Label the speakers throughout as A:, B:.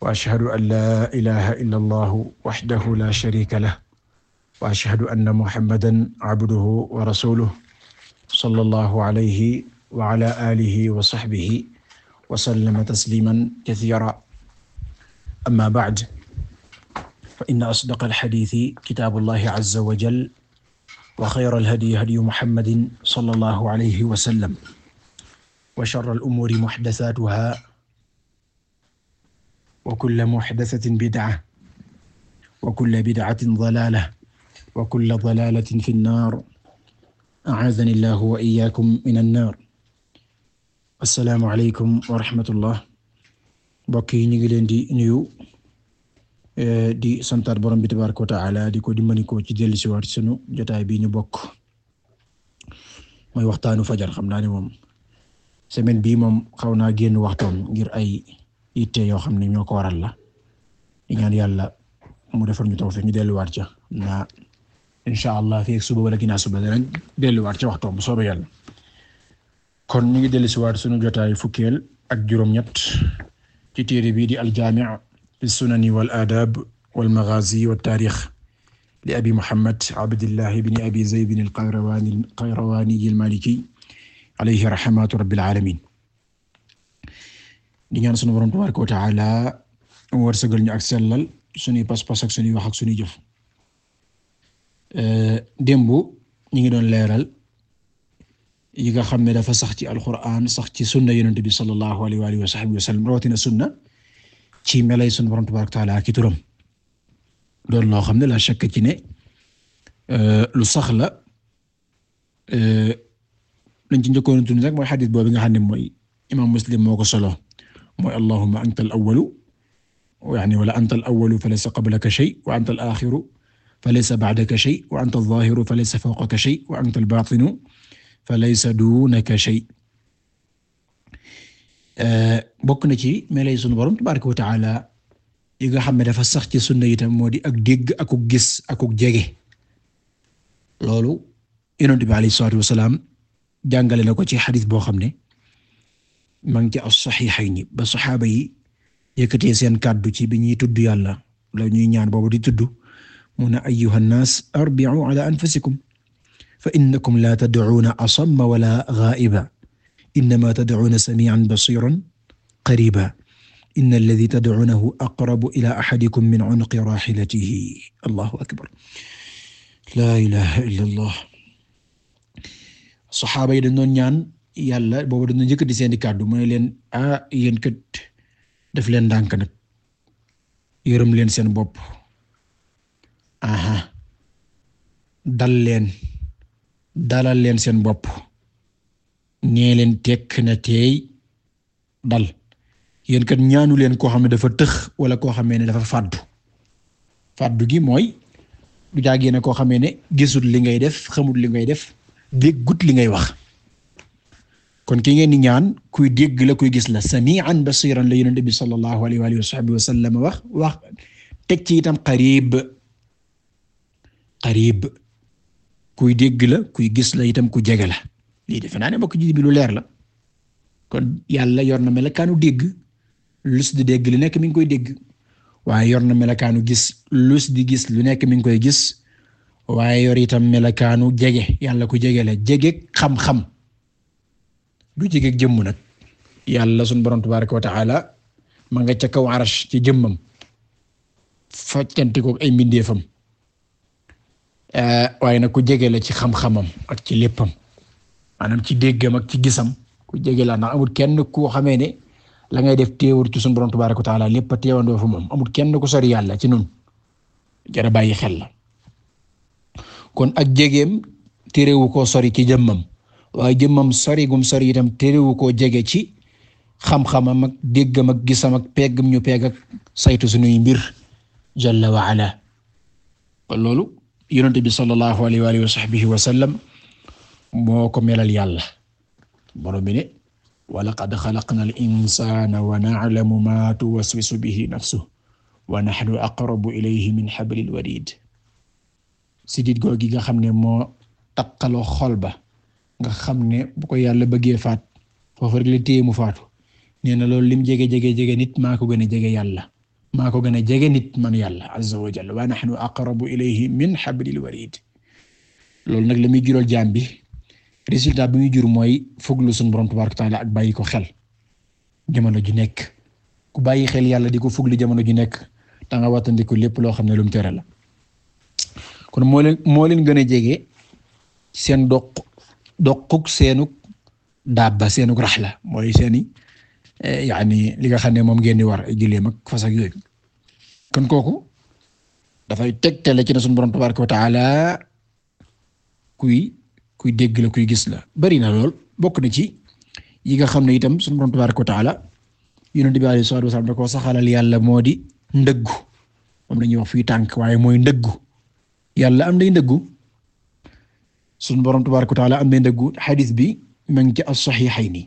A: wa ashhadu an laa ilaha illa allahu waxdahu la sharika lah wa ashhadu anna muhammadan abduhu wa rasuluhu sallallahu alayhi wa ala alihi wa sahbihi wa sallama tasliman kathira amma ba'd fa inna asdaqa alxadiisi kitaabullahi azza wa jal wa xayra alhadyi hadyu muhammadin sallallahu alayhi wa sallam wa sharra al umuuri muhdasaatuhaa wa kulla muxdasatin bidca wa kulla bidcatin dalaala wa kulla dalaalatin fi nnaar acaazani allahu wa iyaakum min annaar assalaamu aleykum wa rahmatullah mbokk yi ñu ngi leen di nuyu di santaat borom bi tabaraka wa taala di ko dimbali ko ci dellu si waat sunu jotaay bi ñu bokk mooy waxtaanu fajar xam naa ne moom semaine bii moom xaw naa génn waxtoom ngir ay itte yoo xam ne ñoo ko waral la di ñaan yàlla mu defar ñu tawfiq ñu delluwaat ca na incha allah fii ak suba wala ginnaaw suba danañ delluwaat ca waxtoom bu soobee yàlla kon ñu ngi dellusiwaat sunu jotaay fukkeel ak juróom-ñett ci téere bii di aljaami fi sunani wal aadaab wal maghaazi wat taarix li abi muhammad abdillah ibni abi zayd al qayrawaani al qayrawaani al maaliki alayhi rahmatu rabbil aalamiin di ñaan sunu borom tabaaraka wa ta'ala wërsëgal ñu ak sellal sunuy pas-pas ak sunuy wax ak sunuy jëf eh, démb ñu ngi doon leeral yi nga xam ne dafa sax ci alquran sax ci sunna yonent bi sallallahu alayhi wa sahbihi wa sallam rawatina sunna ci melay sunu borom tabaaraka wa ak turam doon loo xam ne la shakk ci ne eh, lu sax la eh, lañ ci njëkkoon tudd rek mooy xadiis boobu nga xam ne mooy imaam Muslim moo ko solo. mooy allahumma anta al-awwalu yaani wala anta al-awwalu falaysa qablaka shay wa anta al-aaxiru falaysa ba'daka shay wa anta al-zaahiru falaysa fawqaka shay wa anta al-baatinu falaysa duunaka shay eh, bokk na ci melay sunu borom tabaaraka wa ta'aala yi nga xam ne dafa sax ci sunna itam moo di ak dégg ak gis ak jege loolu Yonent bi alayhi salaatu wa salaam jàngale na ko ci xadiis boo xam ne. ma ngi ci as-saxiixayni ba saxaaba yi yëkkatee seen kàddu ci bi ñuy tudd yàlla la ñuy ñaan boobu di tudd mu ne ayyuha nnaas arbi'u ala anfusikum fa innakum laa tad'uuna asamma wala ghaa'iban innamaa tad'uuna samii'an basiiran qariiban inna alladhii tad'uunahu aqrabu ilaa ahadikum min 'unqi raahilatihi allahu akbar laa ilaaha illallaah saxaaba yi dañu doon ñaan yàlla booba dana njëkk di seen i kàddu mu ne leen ah yéen def leen ndànk nag yërëm leen seen bopp aha dal leen dalal leen seen bopp nee leen tekk na teey dal yéen ñaanu leen koo xam ne dafa tëx wala koo xamee ne dafa fàddu fàddu gi mooy du jaagee ne koo xamee ne gisul li ngay def xamul li ngay def déggut li ngay wax kon ki ngeen di ñaan kuy dégg la kuy gis la samian basiran la yonent bi sallallahu alayhi wa alihi wa sahbihi wa wax wax teg ci itam qarib qarib kuy dégg la kuy gis la itam ku jege la lii defe naa ne mbokk ji bi lu leer la kon yàlla yor na melakaanu dégg lus di dégg lu nekk mi ngi koy dégg waaye yor na melakaanu gis lus di gis lu nekk mi ngi koy gis waaye yor itam melakaanu jege yàlla ku jege la jege xam-xam du jege jëmm nag yàlla sunu borom tabaaraka wa taala ma nga ca ci jëmmam faccante ko ay mbindeefam eh, waaye nag ku jege la ci xam-xamam ak ci léppam maanaam ci déggam ak ci gisam ku jege la ndax amul kenn koo xamee ne la ngay def teewul ci sunu borom tabaaraka wa taala lépp a teewandoo fa moom amul kenn ku sori yàlla ci noonu jara bàyyi xel la kon ak jegeem terewu ko sori ci jëmmam. waaye jëmmam sori gum sori itam terewu koo jege ci xam-xamam ak déggam ak gisam ak peggam ñu pegg ak saytu suñuy mbir jalla loolu yonent bi sallallahu alayhi wa wa sahbihi wa sallam ko melal yàlla borom bi ne wa laqad xalaqna al insana wa na'lamu ma tuwaswisu bihi nafsuhu wa nahnu aqrabu ilayhi min hablil warid sidit googi nga xam ne moo taqaloo xol ba nga xam ne bu ko yàlla bëggee faat foofu rek la téye mu faatu nee lool loolu lim jege jege jege nit maa ko gën a jege yàlla maa ko gën a jege nit man yàlla azza wa jalla wa nahnu aqrabu ilayhi min hablil warid loolu nag la muy jural jaam bi résultat bi muy jur mooy foglu sunu borom tabaaraka ta'ala ak bàyyi ko xel jamono ju nekk ku bàyyi xel yàlla di ko foglu jamono ji nekk da nga wattandiku lépp loo xam ne lu mu la kon moo leen gën a jege seen doq. doquk seenuk daabba seenuk raxla mooy seeni eh, yaani li nga xam ne moom ngeen di war a gileem ak fas yooyu kon kooku dafay teg tegtale ci ne sunu borom tabaraka wa kuy kuy dégg la kuy gis la bari na lool bokk na ci yi nga xam ne itam sunu borom tabaraka wa taala yonent bi alayhi salaatu wasallam da koo saxalal yàlla moo di ndëggu moom la ñuy wax fii tànk waaye mooy ndëggu yàlla am day ndëggu sunu borom tabaaraka wa taala amee ndëggu xadis bi ma ngi ci as ni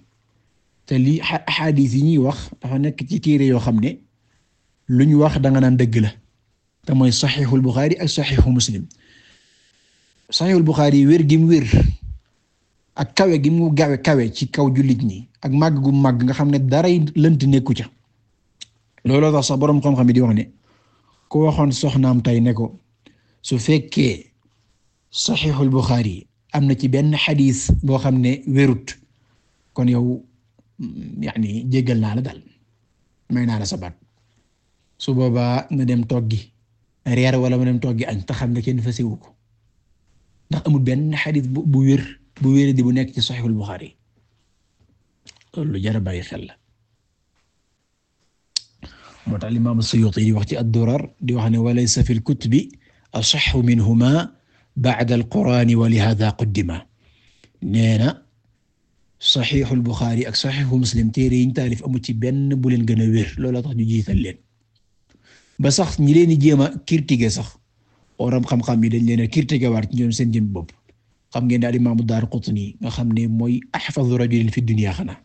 A: te lii xadis yi ñuy wax dafa nekk ci téere yoo xam ne lu ñu wax danga nga naan dëgg la te mooy saxiixul Buxaari ak saxiixu Muslim saxiixul Buxaari yi wér gi mu wér kawe gi mu gawe kawe ci kaw jullit ni ak màgg gu màgg nga xam ne daray lënt nekku ca looloo tax sax borom xam-xam yi di wax ne ku waxoon soxnaam tey ne ko su fekkee. saxiixul Buxaari am na ci benn xadis boo xam ne wérut kon yow yaani jéggal naa la daal may naa la sa baat su boobaa na dem toggi reer wala ma dem toggi añ te xam ne kenn fasiwu ko ndax amul benn xadis bu bu wér bu wér di bu nekk ci saxiixul Buxaari loolu jar a bàyyi xel la moo tax Imaam Suyuuti di wax ci ad-Durar di wax ne wa laysa fil kutubi asahhu minhumaa ba'da al-qur'aan wa lihaadhaa quddima nee na saxiixul Buxaari ak saxiixu Muslim téere yiñ taalif amu ci benn bu leen gën a wér loola tax ñu jiital leen ba sax ñi leen di jéem a critiquer sax borom xam-xam yi dañ leen a critiquer waat ci ñoom seen jëm bopp xam ngeen daal Imaam Daaraqutni nga xam ne mooy ahfazu rajulin fi dunya xanaa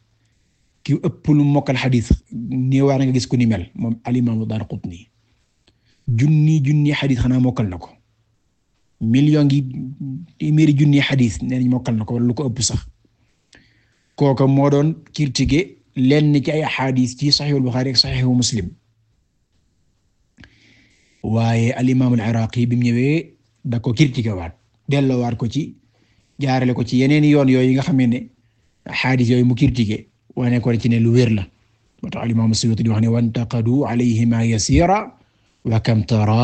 A: ki ëpp lu mokkal xadiis néewaar nga gis ku ni mel moom al Imaam Daaraqutni junni junni xadiis xanaa mokkal na ko. million ngi téeméeri junni xadis nee nañ mokkal na ko wala ko ëpp sax kooka moo doon critiquer lenn ci ay axadis ci saxiixul Buxaari ak saxiixu Muslim waaye al imaam al Iraaqi bi mu ñëwee da ko critiquer waat ko ci jaarale ko ci yeneen yoon yooyu nga xam ne mu critiquer wane ko ci ne lu wér la moo tax al imaam Suyuuti di wax ne wantaqadu alayhima yasiira wa kam tara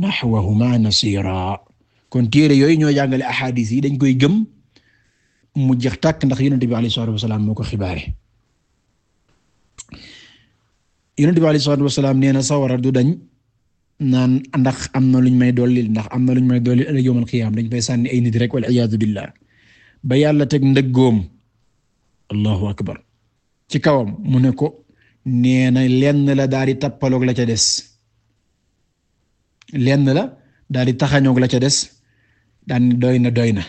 A: naxwahuma nasiira kon téere yooyu ñoo jàngale ahadis yi dañ koy gëm mu jeex ndax yonent bi alayhi salaatu wasalaam moo ko xibaare yonent bi alayhi salaatu wasalaam nee na sawara dañ naan ndax am na luñ may dollil ndax am na luñ may dollil ëllëg yawmal dañ fay sànni ay nit rek wal iyaadu billah ba yàlla teg ndëggoom allahu akbar ci kawam mu ne ko nee na lenn daal di tappaloog la ca des lenn la daal di taxañoog la ca des daal ni doy na doy na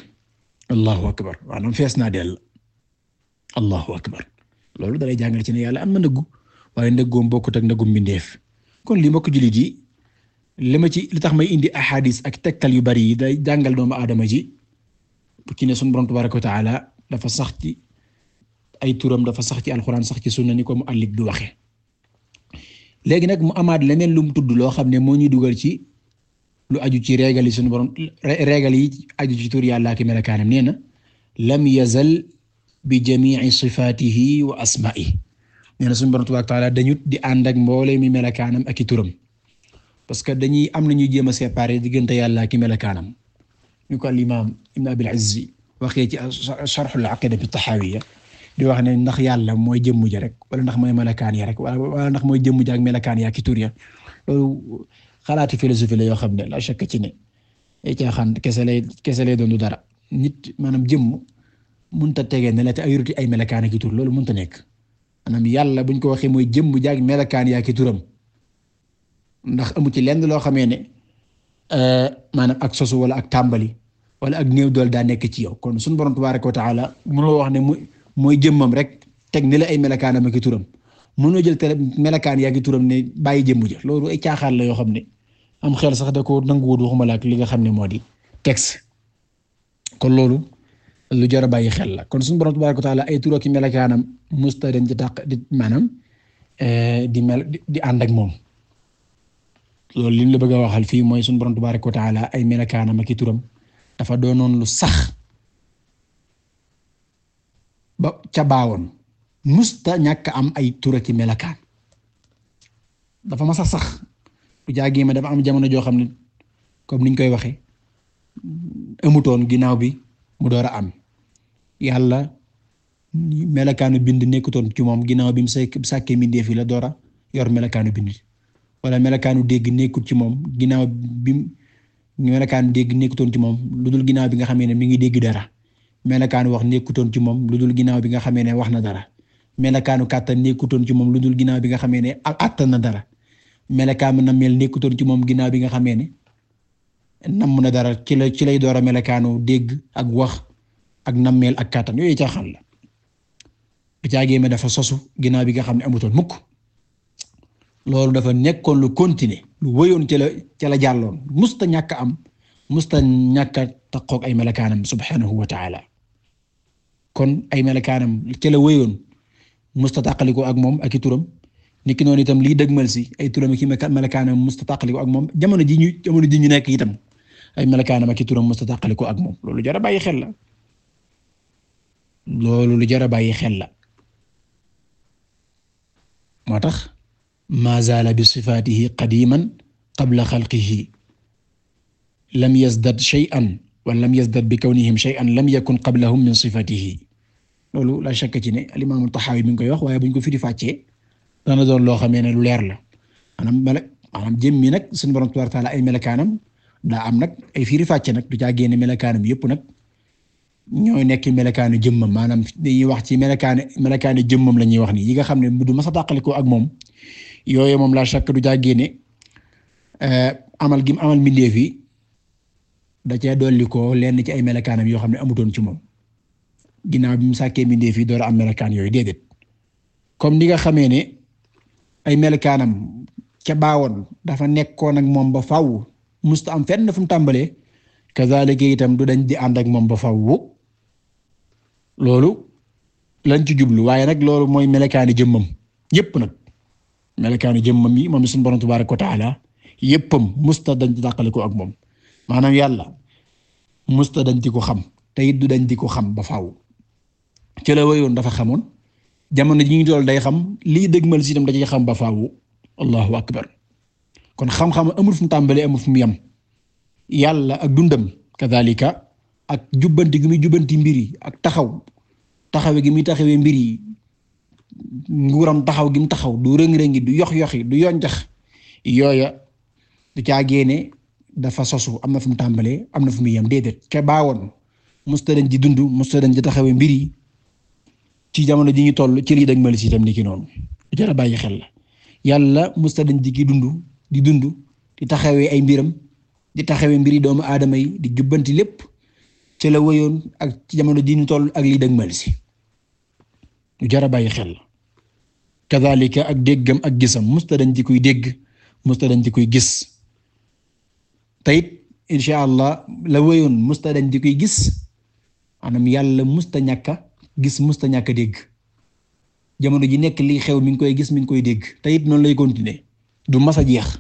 A: allahu akbar maanaam fees naa dell allahu akbar loolu dalay jàngal ci ne yàlla am na ndëggu waaye ndëggoom bokkut ak ndëggum mbindeef kon li mbokk jullit yi li ma ci li tax may indi ahadis ak tegtal yu bari yi day jàngal doomu aadama ji ci ne sunu borom tabaraka wa dafa sax ci ay turam dafa sax ci alxuraan sax ci sunna ni ko mu àllit du waxe léegi nag mu amaat leneen lu tudd loo xam ne moo ñuy dugal ci lu aju ci régal yi suñu borom régal yi aju ci tur yàlla ak melakaanam nee lam yazal bi jami'i sifaatihi wa asmaa'ihi nee na suñu borom tabaaraka wa taala dañu di ànd mboole mi melakaanam ak i turam parce que dañuy am nañuy jéem a séparer diggante yàlla ak i melakaanam ñu ko al imaam ibn Abil Izzi waxee al sharhul aqiida bi taxawiya di wax ne ndax yàlla mooy jëmm ja rek wala ndax mooy melakaan ya rek wala ndax mooy jëmm ja ak melakaan xalaati philosophie la yoo xam ne la chak ci ne ay kese lay kese lay doon dara nit maanaam jëmm mun ta tege ne la te ay ruti ay melakaan ak i tur loolu mënut a nekk maanaam yàlla buñ ko waxee mooy jëmm jaag melakaan yaa ki amu ci lenn loo xamee ne euh, maanaam ak sosu wala ak tàmbali wala ak néew dool daa nekk ci yow kon suñu borom tabaaraka wa mënoo wax ne mooy jëmmam rek teg ne la ay melakaanam ak i turam mënoo jël te melakaan yaa ki turam ne bàyyi jëmm ja loolu ay caaxaan la yoo xam ne. am xel sax da ko nanguwul waxuma la ak nga xam ne moo di texte kon loolu lu jar a bàyyi xel la kon suñu borom tabaaraka wa ay tur ak musta dañ tàq di maanaam eh, di mel di ànd ak moom loolu li la bëgg a waxal fii mooy suñu borom tabaaraka ay melakaanam ak i turam dafa doonoon lu sax ba ca musta ñàkk am ay turaki ak dafa ma sax sax. bu jàggee ma dafa am jamono joo xam ne comme niñ koy waxee amutoon ginnaaw bi mu door a am yàlla melakaanu bind nekkutoon ci moom ginnaaw bi mu sàkkee mbindeef yi la door yor melakaanu bind wala melakaanu dégg nekkut ci moom ginnaaw bi mu melakaanu dégg nekkutoon ci lu dul ginnaaw bi nga xamee ne mi ngi dégg dara melakaanu wax nekkutoon ci moom lu dul ginnaaw bi nga xamee ne wax na dara melakaanu kàttan nekkutoon ci moom lu dul ginnaaw bi nga xamee ne attan na dara melekaanu na mel nekkutoon ci moom ginnaaw bi nga xamee ne nammu na dara ci ci lay door a melekaanu dégg ak wax ak nammeel ak kàttan yooyu caaxaan la bu dafa sosu ginnaaw bi nga xam ne amutoon mukk loolu dafa nekkoon lu continuer lu wéyoon ci la ci la jàlloon musta ñàkk am musta ñàkk a ay melekaanam subhanahu wa taala kon ay melekaanam ci la wéyoon musta tàqaliko ak moom ak i turam niki noonu itam liy dëgmal si ay turam ki melakaanam mustataqaliku ak moom jamono ji ñu jamono ji ñu nekk itam ay melakaanam ak i turam mustataqaliku ak moom loolu jar a bàyyi xel loolu lu jar a bàyyi xel la moo tax ma zaala bi sifaatihi qadiman qabla xalqihi lam yazdad shay'an wa lam yazdad bi kawnihim shay'an lam yakun qablahum min sifatihi loolu la shakka ci ne al-imam Tahawi mi ngi koy wax waaye buñ ko firi fàccee dana doon loo xamee ne lu leer la maanaam mel maanaam jëmmi nag suñu borom tabaaraka wa taala ay melakaanam daa am nag ay firi fàcce nag du caa génne melakaanam yëpp nag ñooy nekk melakaanu jëmmam maanaam dañuy wax ci melakaane melakaane jëmmam la ñuy wax nii yi nga xam ne du masa tàqalikoo ak moom yooyu moom la chaque du caa génne eh, amal gim amal mbindeef yi da cee dolli ko lenn ci ay melakaanam yoo xam ne amutoon ci moom ginnaaw bi mu sàkkee mbindeef yi door am melakaan yooyu déedéet comme ni xamee ne. ay melkaanam ca baawoon dafa nekkoon ak moom ba faw musta am fenn fu mu tàmbalee kazaalika itam du dañ di ànd ak moom ba faw loolu lañ ci jublu waaye nag loolu mooy melekaani jëmmam yëpp nag melekaani jëmmam yi moom suñu borom tabaaraka wa taala yëppam musta dañ di dàqale ko ak moom maanaam yàlla musta dañ di ko xam te it du dañ di ko xam ba faw ci la dafa xamoon jamono ji ngi dool day xam lii dëgmal si itam da ciy xam ba faawu allahu akbar kon xam-xam amul fu tàmbalee amul fu mu yàlla ak dundam kadhalika ak jubbanti gi muy jubbanti mbir yi ak taxaw taxawe gi muy taxawee mbir yi nguuram taxaw gi mu taxaw du rëng-rëngi du yox-yoxi du yonjax yooya du caa génne dafa sosu am na fu mu tàmbalee am na fu mu yem déedéet ke baawoon musta dañ di dund musta dañ di taxawee mbir yi ci jamono ji ñu toll ci lii dag malis itam ni ki noonu lu jar bàyyi xel la yàlla musta dañ di ki dund di dund di taxawee ay mbiram di taxawee mbiri doomu aadama yi di jubbanti lépp ci la wéyoon ak ci jamono ji ñu toll ak lii dag malisi lu jar a bàyyi xel la kadhalika ak déggam ak gisam musta dañ di kuy dégg musta dañ di kuy gis tayit insha allah la wéyoon musta dañ di kuy gis maanaam yàlla musta ñàkka gis musta ñàkk a dégg jamono ji nekk li xew mi ngi koy gis mi ngi koy dégg te noonu lay continuer du mas a jeex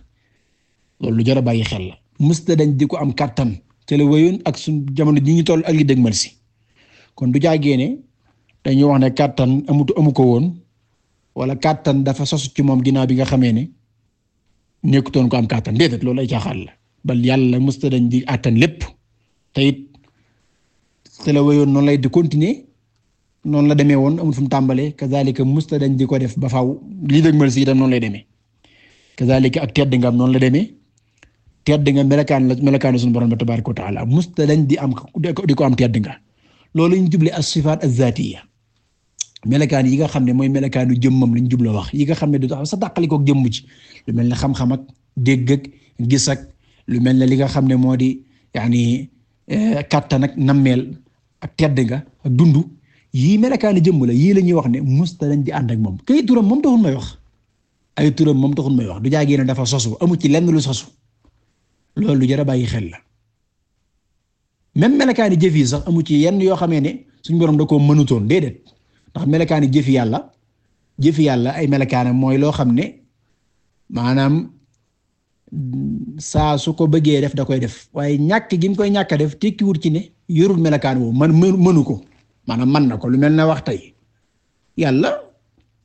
A: loolu lu jar a bàyyi xel la. musta dañ di ko am kàttan ca la wéyoon ak suñ jamono ji ñu toll ak li dégmal si kon du jaagee dañuy wax ne kàttan amutu amu ko woon wala kàttan dafa sosu ci moom ginnaaw bi nga xamee ne nekkutoon ko am kàttan déedéet loolu ay caaxaan la bal yàlla musta dañ di àttan lépp te it la wéyoon noonu lay di continuer. noonu la demee woon amul fu mu tàmbalee kazaalika musta dañ di ko def ba faaw lii dëgmal si itam noonu lay demee kazaalika ak tedd nga am noonu la demee tedd nga melakaan la melakaanu suñu borom tabaaraka wa taala musta dañ di am di ko am tedd nga loolu ñu juble as-sifaat az-zaatiyya melakaan yi nga xam ne mooy melakaanu jëmmam ñu jubla wax yi nga xam ne du tax sa tàqalikook jëmm ci lu mel ne xam-xam ak dégg ak gis ak lu mel ne li nga xam ne moo di yaani eh, kàttan ak nammeel ak tedd nga ak yii melakaani jëmm la yii la ñuy wax ne musta lañ di ànd ak moom kay turam moom taxul may wax ay turam moom taxul may wax du jaagee ne dafa sosu amu ci lenn lu sosu loolu jar a bàyyi xel la même melakaani jëf sax amu ci yenn yoo xamee ne suñu borom da koo mënutoon déedéet ndax melakaani jëfi yàlla jëfi yàlla ay melakaana mooy loo xam ne maanaam saa su ko bëggee def da koy def waaye ñàkk gi koy ñàkka a def tekkiwut ci ne yorul melakaan woo man mënu ko maanaam man na ko lu mel ne wax tey yàlla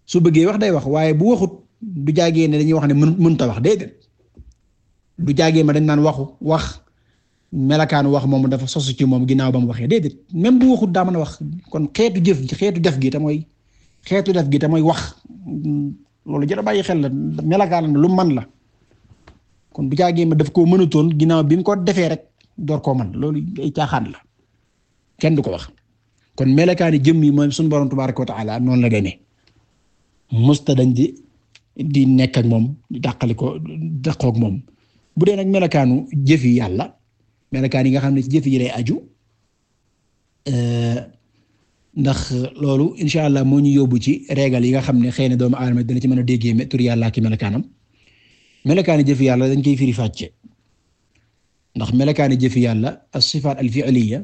A: su bëggee wax day wax waaye bu waxut du jaagee ne dañuy wax ne mën mënta wax déedéet du jaagee ma dañ naan waxu wax melakaanu wax moom dafa sosu ci moom ginaaw ba mu waxee déedéet même bu waxut daa a wax kon xeetu jëf xeetu def gi te xeetu def gi te wax loolu jërë bàyyi xel la melakaan lu man la kon du jaagee ma daf koo mënutoon ginnaaw bi mu ko defee rek door koo man loolu ay caaxaan la kenn du ko wax kon melakaani jëmm yi mooy suñu borom tabaaraka wa taala noonu la demee musta dañ di di nekk ak moom di dàqali ko dàqoog moom bu dee nag melakaanu jëf yàlla melakaan yi nga xam ne ci jëf yi lay aju euh, ndax loolu insha moo ñu yóbbu ci régal yi xam ne na doomu aadama dana ci mën a déggee tur yàlla ak melakaanam melakaani jëf yàlla dañ koy firi fàcce ndax melakaani jëf yàlla as-sifaat al-fi'liyya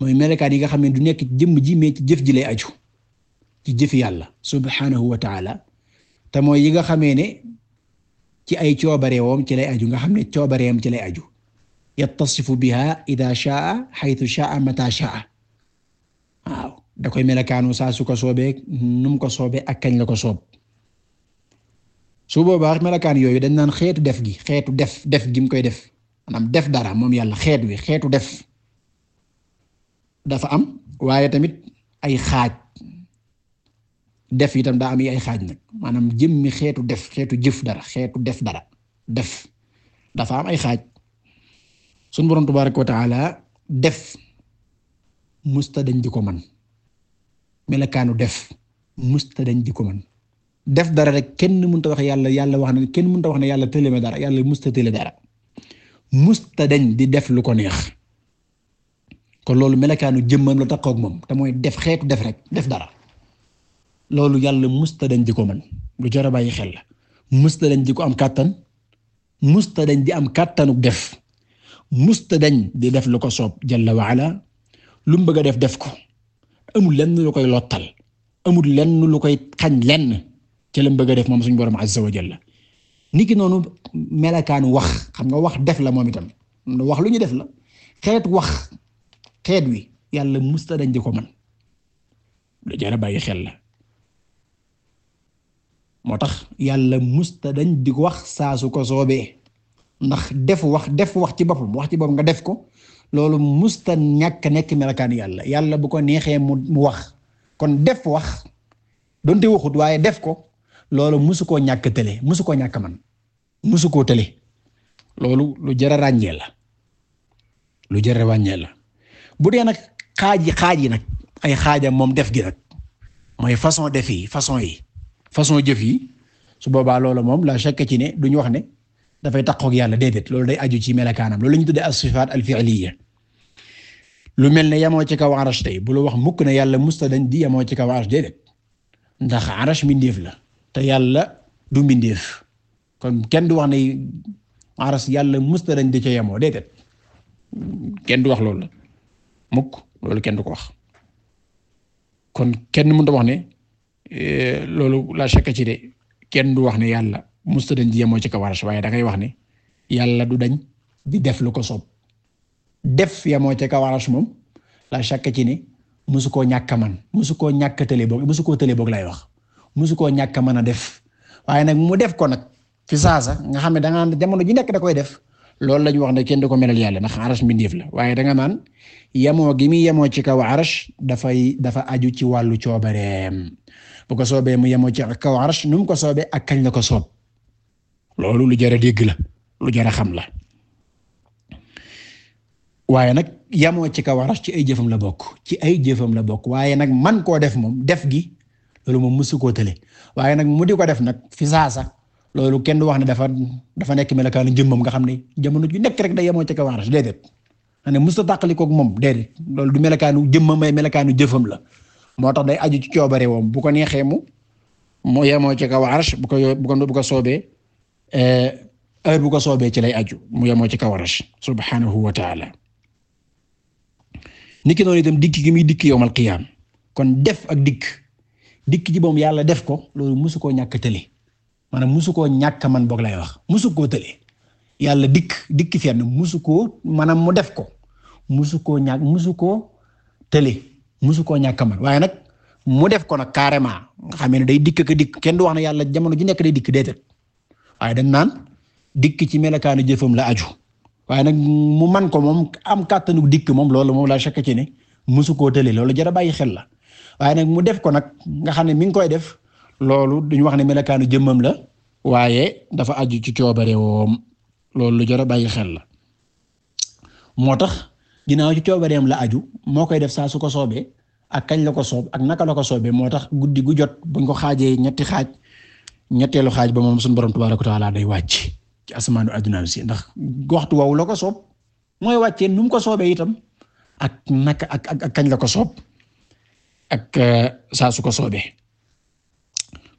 A: mooy melekaan yi nga xam ne du nekk ci jëmm ji mais ci jëf ji lay aju ci jëf yàlla subhanahu wa taala te mooy yi nga xamee ne ci ay coobareewam ci lay aju nga xam ne coobareem ci lay aju yattasifu biha ida shaa xaytu shaa mata shaa dakoy da koy saa su ko soobee nu mu ko soobee ak kañ la ko soob su boobaa melakaan yooyu dañ naan xeetu def gi xeetu def def gi mu koy def maanaam def dara moom yàlla xeet wi xeetu def dafa am waaye tamit ay xaaj def itam daa am ay xaaj nag maanaam jëmmi xeetu def xeetu jëf dara xeetu def dara def dafa am ay xaaj sunu borom tabaaraka wa taala def musta dañ di ko man melakaanu def musta dañ di ko man def dara rek kenn mënta wax yàlla yàlla wax na kenn mënta wax ne yàlla tëleme dara yàlla musta tële dara musta dañ di def lu ko neex. kon loolu melakaanu jëmmam la kook moom te mooy def xeetu def rek def dara loolu yàlla musta dañ di ko man lu jar a bàyyi xel la musta dañ di am kàttan musta dañ di am kàttanu def musta dañ di def lu ko soob jalla waala lu mu bëgg a def def ko amul lenn lu koy lottal amul lenn lu koy xañ lenn ci la mu bëgg a def moom suñu borom azza wa jalla niki noonu melakaanu wax xam nga wax def la moom itam wax lu ñu def la xeet wax xeet wi yàlla musta dañ di ko man lu jar bàyyi xel la moo tax yàlla musta dañ di ko wax saa su ko soobee ndax def wax def wax ci boppam wax ci boppam nga def ko loolu musta ñàkk nekk melakaan yàlla yàlla bu ko neexee mu wax kon def wax donte waxut waaye def ko loolu musu koo ñàkk tële musu koo ñàkk man musu koo tële loolu lu jar a ràññee la lu jar a la bu dee nag xaaji yi xaaj yi nag ay xaajam moom def gi nag mooy façon def yi façon yi façon jëf yi su boobaa loolu moom la chèque ci ne du duñu wax ne dafay taxaw ak yàlla déedéet loolu day aju ci melakaanam loolu la ñu tuddee as-sifaat al-fi'liyya lu mel ne yamoo ci kaw arash tey bu wax mukk ne yàlla musta dañ di yamoo ci kaw arash ndax arash mbindeef la te yàlla du mbindeef kon kenn du wax ne arash yàlla musta dañ di ca yamoo déedéet kenn du wax loolu. mukk loolu kenn du ko wax kon kenn mënut a wax ne eh, loolu la chèque ci de kenn du wax ne yàlla musta dañ jéemoo ci kawaras waaye da ngay wax ne yàlla du dañ di def lu ko soob def yemoo ca kawaras moom la chèque ci ne musu koo ñàkk man musu koo ñàkk a tële koo tële boog lay wax musu koo ñàkk a mën a def waaye nag mu def ko nag fi sax nga xam ne da ngaa jamono ju nekk da koy def. loolu la wax ne kenn du ko melal yàlla ndax arash mbindeef la waaye danga naan yemoo gi muy yemoo ci kaw arash dafay dafa aju ci wàllu coobareem bu ko soobee mu yemoo ci kaw arash nu mu ko soobee ak kañ la ko soob loolu lu jar a dégg la lu jar a xam la waaye nag yemoo ci kaw ci ay jëfam la bokk ci ay jëfam la bokk waaye nag man koo def moom def gi loolu moom musu koo tële waaye nag mu di ko def nag fi saasa loolu kenn wax ne dafa dafa nekk melokaanu jëmmam nga xam ne jamono ju nekk rek day yemoo ca kaw arsh déedéet na ne musta tàqalikoog moom déedéet loolu du melokaanu ay melokaanu jëfam la moo tax day aju ci coobare woom bu ko neexee mu mu yemoo kaw arsh bu ko bu ko bu ko soobee eh, heure bu ko soobee ci lay aju mu yemoo ci kaw arsh subhanahu wa taala niki dikk gi muy dikk yowmal kon def ak dikk dikk ji moom yàlla def ko loolu musu koo ñàkk maanaam musu koo ñàkk man boog lay wax musu koo tële yàlla dikk dikk fenn musu koo maanaam mu def ko musu koo ñàkk musu koo tële musu koo ñàkk man waaye nag mu def ko nag carrément nga xam ne day dikk dikk kenn du wax ne yàlla jamono ji nekk day dikk déedéet waaye dañ naan dikk ci melakaanu jëfam la aju waaye nag mu man ko moom am kàttanu dikk moom loolu moom laa chakk ci ne musu koo tële loolu jar a bàyyi xel la nag nga xam ne mi ngi koy def loolu duñ wax ne melakaanu jëmmam la waaye dafa aju ci coobare woom loolu lu jar a bàyyi xel la moo tax ginnaaw ci coobareem la aju moo koy def saa su ko soobee ak kañ la ko soob ak naka la ko soobee moo tax guddi gu jot buñ ko xaajee ñetti xaaj ñetteelu xaaj ba moom suñu borom tabaaraka wa taala day wàcc ci asamaanu adduna si ndax waxtu woowu la ko soob mooy wàccee nu mu ko soobee itam ak naka ak kañ la ko soob ak euh, saa su ko soobee.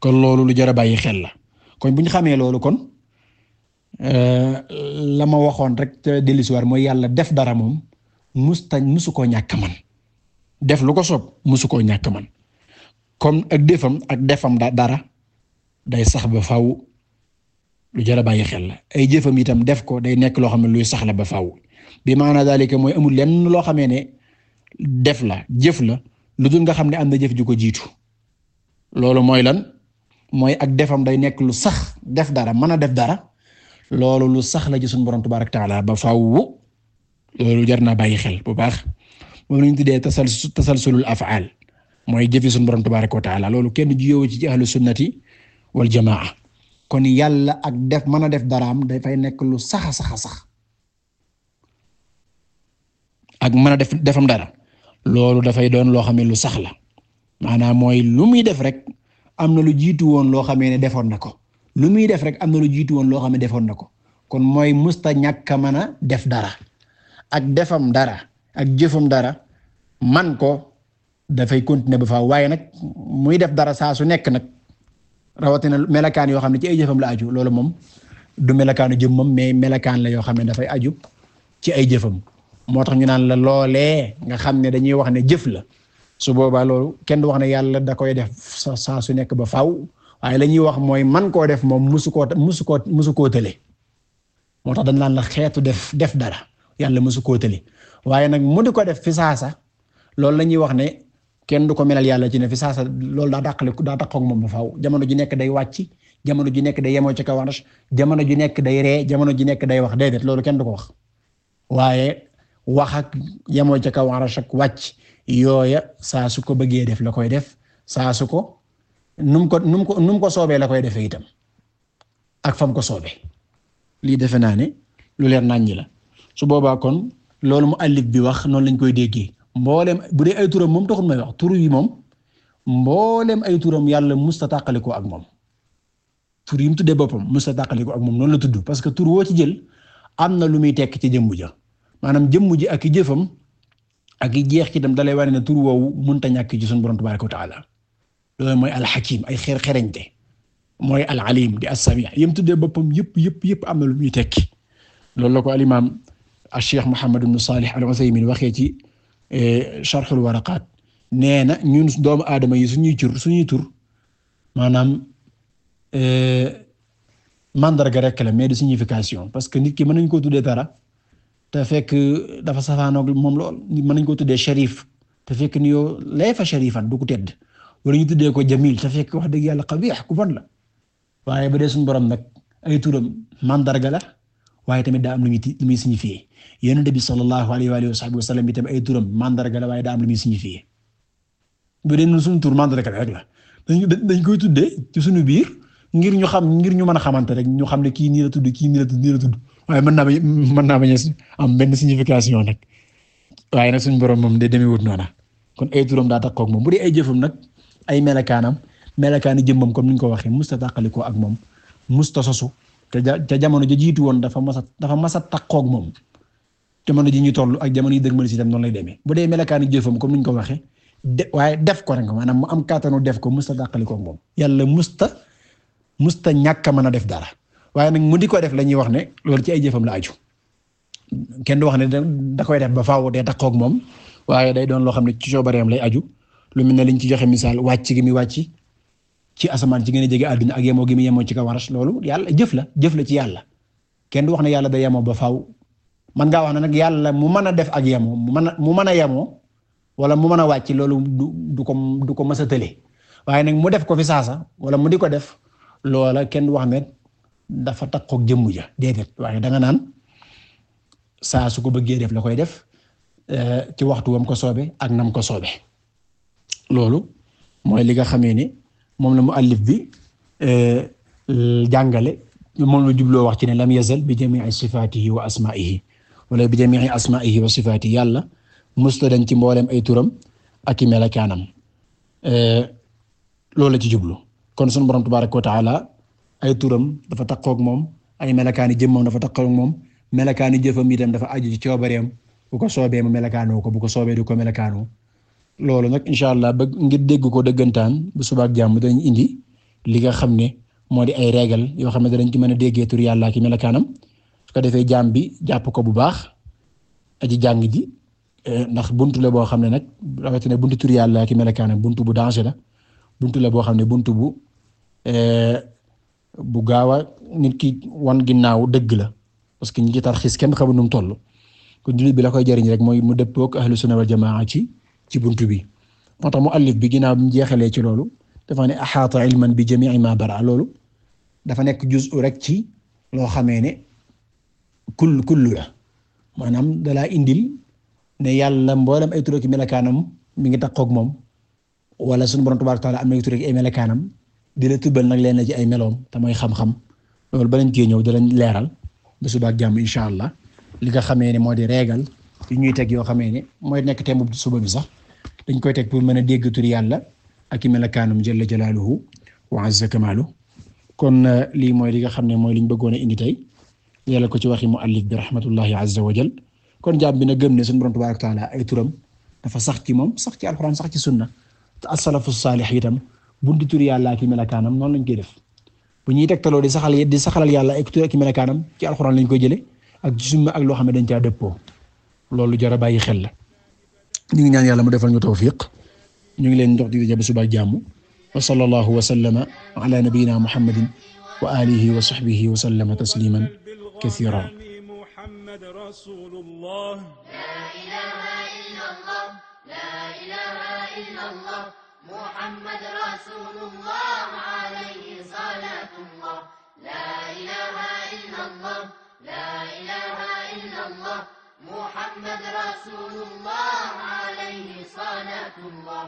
A: kon loolu lu jar a bàyyi xel la kon bu ñu xamee loolu kon euh, la ma waxoon rek te dellusiwaat mooy yàlla def dara moom musta musu koo ñàkk man def lu ko soob musu koo ñàkk man comme ak defam ak defam dara day sax ba faaw lu jar a bàyyi xel la ay jëfam itam def ko day nekk loo xam ne luy sax la ba faaw bi maanaam daalika mooy amul lenn loo xamee ne def la jëf la lu dul nga xam ne am na jëf ju ko jiitu loolu mooy lan. mooy ak defam day nekk lu sax def dara mën a def dara loolu lu sax la ci suñu borom tabarak taala ba faaw loolu jar naa bàyyi xel bu baax moom la ñu tuddee tasalsul tasalsulul af'al mooy jëfi suñu borom tabarak wa loolu kenn jiyoo ci ahlu sunnati wal jamaa kon yàlla ak def mën a def daraam dafay nekk lu sax saxa sax ak mën a def defam dara loolu dafay doon loo xam ne lu sax la mooy lu muy def rek. am na lu jiitu woon loo xamee ne defoon na ko lu muy def rek am na lu jiitu woon loo xam ne defoon na ko kon mooy musta ñàkk a mën a def dara ak defam dara ak jëfam dara man ko dafay continuer ba faa waaye nag muy def dara saa su nekk nag rawatina melakaan yoo xam ne ci ay jëfam la aju moom du melakaanu jëmmam mais melakaan la yoo xam ne dafay aju ci ay jëfam moo tax ñu naan la loolee nga xam ne dañuy wax ne jëf la su boobaa loolu kenn du wax ne yàlla da koy def saa su nekk ba faw waaye la ñuy wax mooy man koo def moom musu koo musu koo musu koo tële moo tax dañ naan la xeetu def def dara yàlla musu koo tële waaye nag mu di ko def fi saasa loolu la ñuy wax ne kenn du ko melal yàlla ci ne fi saasa loolu daa dàqale daa dàqoog moom ba faw jamono ji nekk day wàcc jamono ji nekk day yemoo ci kaw jamono ji nekk day ree jamono ji nekk day wax déedéet loolu kenn du ko wax waaye wax ak yemoo ci kaw wàcc. yooya saa su ko bëggee def la koy def saa su ko num ko num ko num ko soobee la koy defee itam ak fam ko soobee lii defe naa ne lu leer naññi la su boobaa kon loolu mu allif bi wax noonu lañ koy déggee mbooleem bu dee ay turam moom taxul may wax tur yi moom mbooleem ay turam yàlla musta tàqalikoo ak moom tur yi mu tuddee boppam musta tàqalikoo ak moom noonu la tudd parce que tur woo ci jël am na lu muy tekk ci jëmm ja maanaam jëmm ji ak jëfam ak i jeex ki itam dalay wane ne tur woowu mënta ñàkk ci suñu borom tabaaraka wa taala loolu mooy alxakim ay xeer xereñte mooy al alim di as-sami yëm tuddee boppam yëpp yëpp yëpp am na lu muy tekki loolu la ko al imaam al cheikh Muhammad ibn Salih al Usaymin waxee ci eh, sharhul waraqaat nee na ñun doomu aadama yi suñuy tur suñuy tur maanaam eh, mandarga rek la mais de signification parce que nit ki mën nañu koo tuddee dara. te dafa safaanoog moom lool mën nañ ko tuddee sharif te fekk ni yow lay du ko tedd wala ñu tuddee ko jamil te fekk wax dëgg yàlla qabiix ku bon la waaye ba dee suñu borom nag ay turam mandarga la waaye tamit daa am lu muy lu muy signifié yonent bi sallallahu alayhi wa alihi wa sahbihi wa sallam ay turam mandarga la waaye daa am lu muy signifié bu dee ñun suñu tur mandarga la rek la dañ koy tuddee ci suñu biir ngir ñu xam ngir ñu mën a xamante rek ñu xam ne kii nii tudd kii nii waaye man naa bañ mën naa bañ am benn signification nag waaye nag suñu borom moom day demee wut noona kon ay turam daa takkoog moom bu dee ay jëfam nag ay melakaanam melakaani jëmmam comme ni ñu ko waxee musta tàqalikoo ak moom musta sosu te te jamono ja jiitu woon dafa masa dafa masa takkoog moom jamano ji ñu toll ak jamono yi dëgmal si tam noonu lay demee bu dee melakaani jëfam comme ni ñu ko waxee de waaye def ko rek maanaam mu am kattanu def ko musta tàqalikoo ak moom yàlla musta musta ñàkk a mën a def dara. waaye nag mu di ko def la ñuy wax ne loolu ci ay jëfam la aju kenn du wax ne da koy def ba faaw dee taxaw ak moom waaye day doon loo xam ne ci coobareem lay aju lu mel ne lañ ci joxe misaal wàcc gi mi wàcc ci asamaan ci a jege àdduna ak yemoo gi mi yemoo ci kaw arash loolu yàlla jëf la jëf ci yàlla kenn du wax ne yàlla da yemoo ba faaw man ngaa wax ne nag yàlla mu mën a def ak yemoo mu mën a mu mën a yemoo wala mu mën a wàcc loolu du du ko du ko mës a tële waaye nag mu def ko fi saasa wala mu di ko def loola kenn wax ne dafa takkook jëmm ja déedéet waaye danga naan saa su ko bëggee def la koy def euh, ci waxtu wam ko soobe ak nam ko soobe loolu mooy li nga xamee ne moom la mu allif bi euh, jàngale moom la jubloo wax ci ne lam yazal bi jami'i sifaatihi wa asma'ihi wala bi jami'i asma'ihi wa sifaatihi yàlla musta dañ ci mboolem ay turam ak i melakaanam euh, loolu la ci jublu kon sunu borom wa ta'ala ay turam dafa taqoog moom ay melakaani jëmmam dafa taqoog moom melakaani jëfam itam dafa aju ci coobareem bu ko soobee mu melakaanoo ko bu ko soobee du ko melakaanoo loolu nag incha allah ba ngir dégg ko dëggantaan bu subaak jàmm dañ indi li nga xam ne moo di ay régal yoo xam ne dañ ci mën a déggee tur yàllaa ki ko defee jàmm bi jàpp ko bu baax aji jàng ji eh, ndax buntu la boo xam ne nag rawatina buntu tur yàllaa ki melakaanam buntu bu danger la buntu la boo xam ne buntu bu eh, bu gaaw a nit ki wan ginnaaw dëgg la parce que ñi ci tarxiis kenn xamul nu mu toll ko jullit bi la koy jariñ rek mooy mu deppook ahlu sunna wal jamaa ci ci buntu bi moo mu allif bi ginnaaw bi mu jeexalee ci loolu dafa ne axaata ilman bi jamii ma bara loolu dafa nekk juz'u rek ci loo xamee ne kull kullu maanaam dalaa indil ne yàlla mboolem ay turaki melakaanam mi ngi taxaw ak moom wala sunu borom tabaaraka taala am na ay turaki ay melakaanam di la tubbal nag leen ci ay meloom te mooy xam-xam loolu ba lañ cee ñëw dalañ leeral ba suba ak jàmm incha allah li nga xamee ne moo di reegal yu ñuy teg yoo xamee ne mooy nekk thème bu suba bi sax dañ koy teg pour mën a dégg tur yàlla ak i melakaanum jalla jalaaluhu wa azza kamaalu kon euh, lii mooy li nga xam ne mooy liñ bëggoon a indi tey yàlla ko ci waxi muallif bi rahmatullahi azza wa jal kon jàmm bi na gëm ne suñu borom tabaaraka taala ay turam dafa sax ci moom sax ci alxuraan sax ci sunna te as-salafu saalih itam bunti tur yàlla ak i melakaanam noonu lañ koy def bu ñuy tegtaloo di saxal di saxalal yàlla ak tur ak i melakaanam ci alxuraan lañ koy jëlee ak ci sunna ak loo xam ne dañ caa dëppoo loolu jar a bàyyi xel la. ñu ngi ñaan yàlla mu defal ñu tawfiq ñu ngi leen jox di daje ba suba jàmm wa sallallahu wa sallama ala nabiyyina muhammadin wa alihi wa sahbihi wa sallama tasliman kathiran rasulullah محمد رسول الله عليه صلاة الله لا إله إلا الله لا إله إلا الله محمد رسول الله عليه صلاة الله